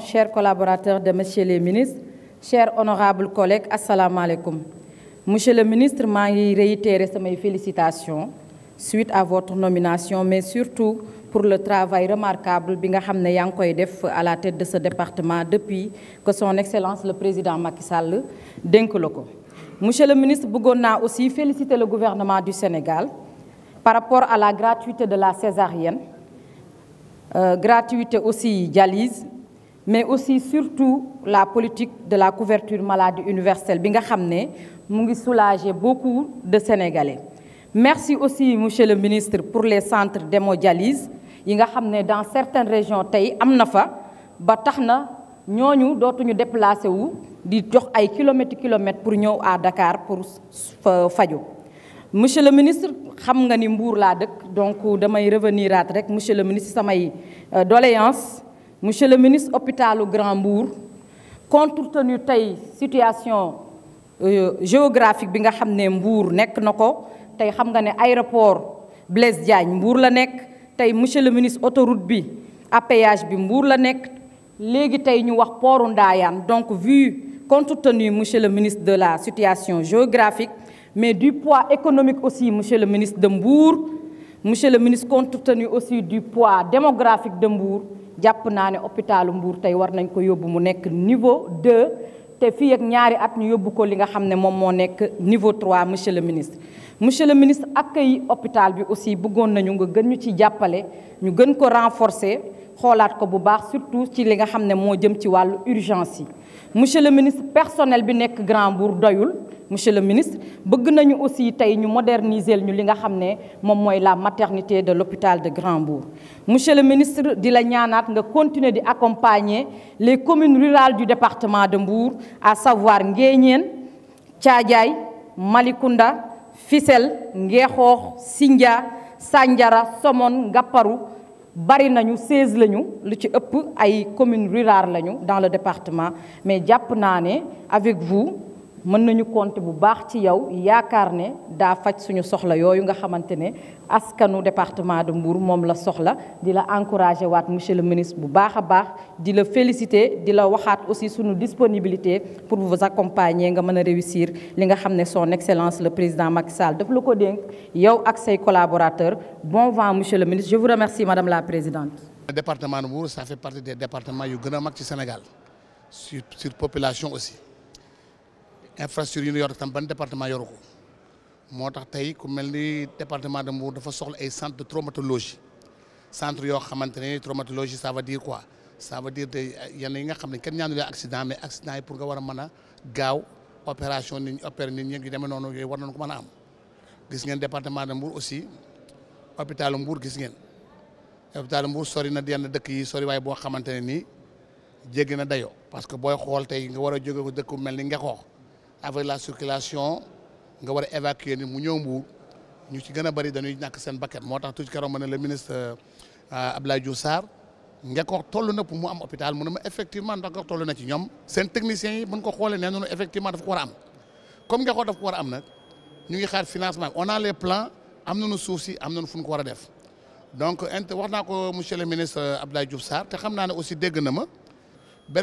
chers collaborateurs de Monsieur le Ministre, chers honorables collègues, assalamu alaikum. Monsieur le ministre, je réitérer mes félicitations suite à votre nomination, mais surtout pour le travail remarquable que vous avez à la tête de ce département depuis que son Excellence le Président Macky Sall Denkoloko. Monsieur le ministre, Bougona, aussi féliciter le gouvernement du Sénégal par rapport à la gratuité de la césarienne, euh, gratuité aussi dialyse, mais aussi surtout la politique de la couverture maladie universelle bi nga xam beaucoup de Sénégalais. Merci aussi monsieur le ministre pour les centres d'hémodialyse yi nga dans certaines régions Tay Amnafa, na fa ba tax na ñooñu dootuñu déplacer kilomètres pour à Dakar pour des monsieur le ministre je nga que Mbour suis là, donc vais revenir à rek monsieur le ministre ma euh, doléance monsieur le ministre au Grand bourg compte tenu de la situation euh, géographique bi nga xamné Mbour nek nako tay xam nga né aéroport Blaise Diagne Mbour la nek tay monsieur le ministre autoroute bi à péage bi Mbour la nek légui tay ñu wax portu donc vu compte tenu monsieur le ministre de la situation géographique mais du poids économique aussi monsieur le ministre de Mbour monsieur le ministre compte tenu aussi du poids démographique de Mbour jàpp naa ne hôpitalu Mbour tey war nañ ko yóbbu mu nekk niveau 2 te fii ak ñaari at ñu yóbbu ko li nga xam ne moom moo nekk niveau 3 monsieur le ministre. monsieur le ministre accueil hôpital bi aussi bëggoon nañu nga gën ñu ci jàppale ñu gën ko renforcer xoolaat ko bu baax surtout ci li nga xam ne moo jëm ci wàllu urgence yi monsieur le ministre personnel bi nekk Grand bour doyul monsieur le ministre nous nañu aussi nous moderniser la maternité de l'hôpital de Grand-Bourg monsieur le ministre nous vous d'accompagner continuer d'accompagner les communes rurales du département de Mbour à savoir Nguéniène Tchadjaï, Malikunda, Fissel Ngeexoox Singa, Sangara, Somone Gaparu, bari nañu 16 lañu lu ci ay communes rurales dans le département mais nous avec vous mën nañu compter bu baax ci yow yaakaar ne daa faj suñu soxla yooyu nga xamante ne askanu département de Mbour moom la soxla di la encourager waat monsieur le ministre bu baax a baax di la féliciter di la waxaat aussi suñu disponibilité pour vous accompagner nga mën a réussir li nga xam ne son excellence le président Macky Sall daf la ko dénk yow ak say collaborateurs bon vent monsieur le ministre je vous remercie madame la présidente. le département de Mbour ça fait partie des départements yu gën a mag ci Sénégal sur sur population aussi. infrastructure yi ñu yor tam ban département yoru moo tax tey ku mel ni département de Mbour dafa soxla ay centre de centre yoo xamante ne traumatologie ça veut quoi ça veut dire tey euh, yi nga xam ne kenn ñaanu leen accident mais accident yi pour nga war a mën a gaaw opération ni ñu opéré nit ñi ngi demee noonu yooyu war nañu ko mën a am gis ngeen département de Mbour aussi hôpitalu mbuur gis ngeen hôpitalu Mbour sori na yenn dëkk yi sori waaye boo xamante ne nii jéggi na dayoo parce que booy xool tey nga war a jóge ko dëkk mel ni Ngexoox avec la circulation nga war évacuer ni mu ñëw ñu ci suis a à dañuy je suis le ministre euh, Abdoulaye Diouf Sarr Ngekoox toll pour hôpital mu nous. effectivement na ci techniciens yi buñ ko effectivement daf ko comme nous daf ko am suis financement on a les plans am nañu suuf soucis, am nañu donc je wax dit ko le ministre euh, Abdoulaye Diouf Sarr te aussi dégg na ma bi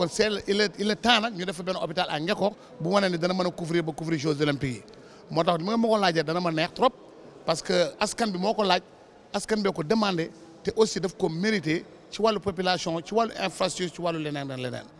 kon c'est il est il est temps nak ñu def fa hôpital ak Ngeko bu wane ne dana mëna couvrir ba couvrir Jeux olympiques motax moo tax ma nga ma dana ma neex trop parce que askan bi moko laj askan bi ko demander té aussi daf ko mérité ci walu population ci walu infrastructure ci walu lénen ak leneen.